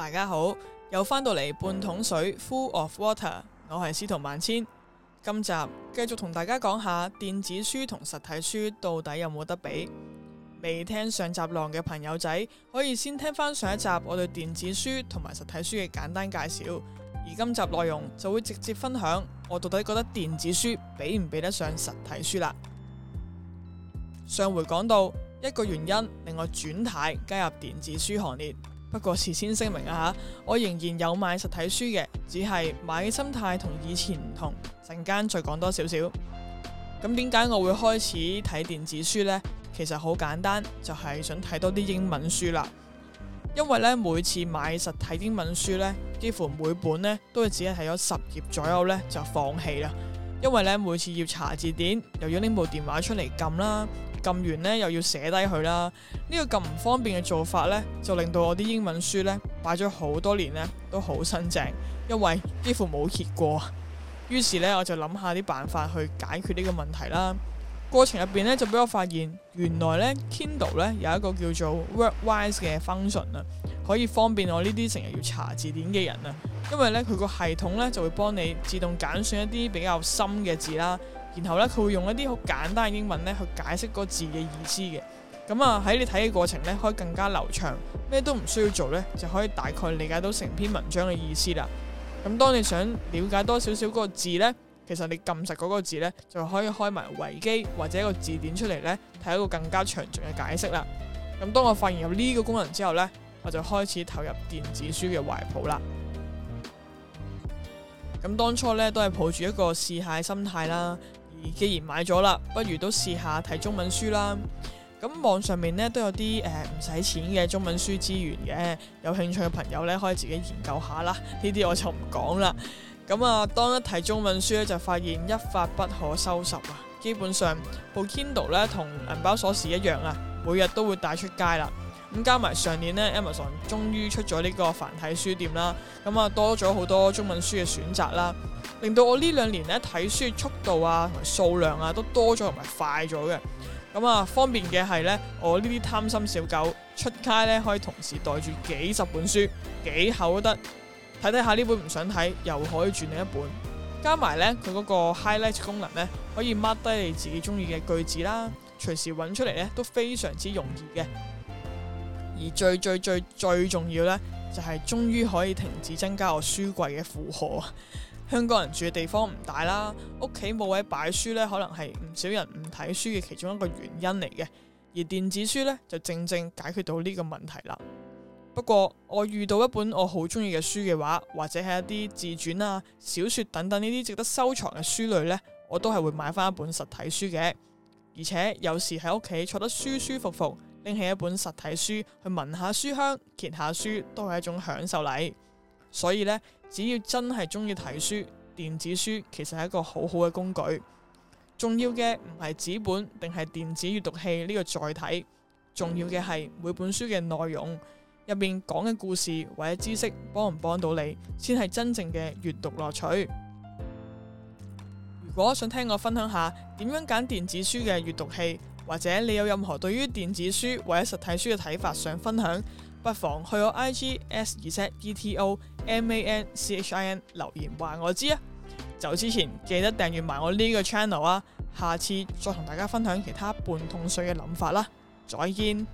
大家好，又返到嚟半桶水 Full of Water，我係司徒萬千。今集繼續同大家講下電子書同實體書到底有冇得比。未聽上集浪嘅朋友仔，可以先聽翻上一集我對電子書同埋實體書嘅簡單介紹，而今集內容就會直接分享我到底覺得電子書比唔比得上實體書啦。上回講到一個原因令我轉軚加入電子書行列。不過事先聲明啊，吓，我仍然有買實體書嘅，只係買嘅心態同以前唔同，陣間再講多少少。咁點解我會開始睇電子書呢？其實好簡單，就係想睇多啲英文書啦。因為咧每次買實體英文書呢，幾乎每本咧都係只係睇咗十頁左右呢，就放棄啦。因為咧每次要查字典，又要拎部電話出嚟撳啦，撳完呢又要寫低佢啦，呢個咁唔方便嘅做法呢，就令到我啲英文書呢擺咗好多年呢都好新淨，因為幾乎冇揭過。於是呢，我就諗下啲辦法去解決呢個問題啦。過程入邊呢，就俾我發現，原來呢 Kindle 呢有一個叫做 Word Wise 嘅 function 啊，可以方便我呢啲成日要查字典嘅人啊。因為咧，佢個系統咧就會幫你自動揀選一啲比較深嘅字啦，然後咧佢會用一啲好簡單嘅英文咧去解釋嗰個字嘅意思嘅。咁啊，喺你睇嘅過程咧，可以更加流暢，咩都唔需要做咧，就可以大概理解到成篇文章嘅意思啦。咁當你想了解多少少嗰個字咧，其實你撳實嗰個字咧，就可以開埋維基或者一個字典出嚟咧，睇一個更加詳盡嘅解釋啦。咁當我發現有呢個功能之後咧，我就開始投入電子書嘅懷抱啦。咁當初咧都係抱住一個試下嘅心態啦，而既然買咗啦，不如都試下睇中文書啦。咁網上面呢，都有啲誒唔使錢嘅中文書資源嘅，有興趣嘅朋友呢，可以自己研究下啦。呢啲我就唔講啦。咁啊，當一睇中文書呢，就發現一發不可收拾啊！基本上部 Kindle 咧同銀包鎖匙一樣啊，每日都會帶出街啦。咁加埋上年呢 Amazon 終於出咗呢個繁體書店啦，咁啊多咗好多中文書嘅選擇啦，令到我呢兩年呢睇書嘅速度啊同埋數量啊都多咗同埋快咗嘅，咁啊方便嘅係呢，我呢啲貪心小狗出街呢可以同時袋住幾十本書，幾厚都得，睇睇下呢本唔想睇，又可以轉另一本，加埋呢，佢嗰個 highlight 功能呢，可以 mark 低你自己中意嘅句子啦，隨時揾出嚟呢都非常之容易嘅。而最最最最重要呢，就係終於可以停止增加我書櫃嘅負荷。香港人住嘅地方唔大啦，屋企冇位擺書呢，可能係唔少人唔睇書嘅其中一個原因嚟嘅。而電子書呢，就正正解決到呢個問題啦。不過我遇到一本我好中意嘅書嘅話，或者係一啲自傳啊、小說等等呢啲值得收藏嘅書類呢，我都係會買翻一本實體書嘅。而且有時喺屋企坐得舒舒服服，拎起一本實體書去聞下書香，揭下書都係一種享受嚟。所以呢，只要真係中意睇書，電子書其實係一個好好嘅工具。重要嘅唔係紙本定係電子閱讀器呢個載體，重要嘅係每本書嘅內容入面講嘅故事或者知識幫唔幫到你，先係真正嘅閱讀樂趣。如果想聽我分享下點樣揀電子書嘅閱讀器，或者你有任何對於電子書或者實體書嘅睇法想分享，不妨去我 IG S 二 Z E T O M A N C H I N 留言話我知啊！走之前記得訂閱埋我呢個 channel 啊，下次再同大家分享其他半桶水嘅諗法啦，再見。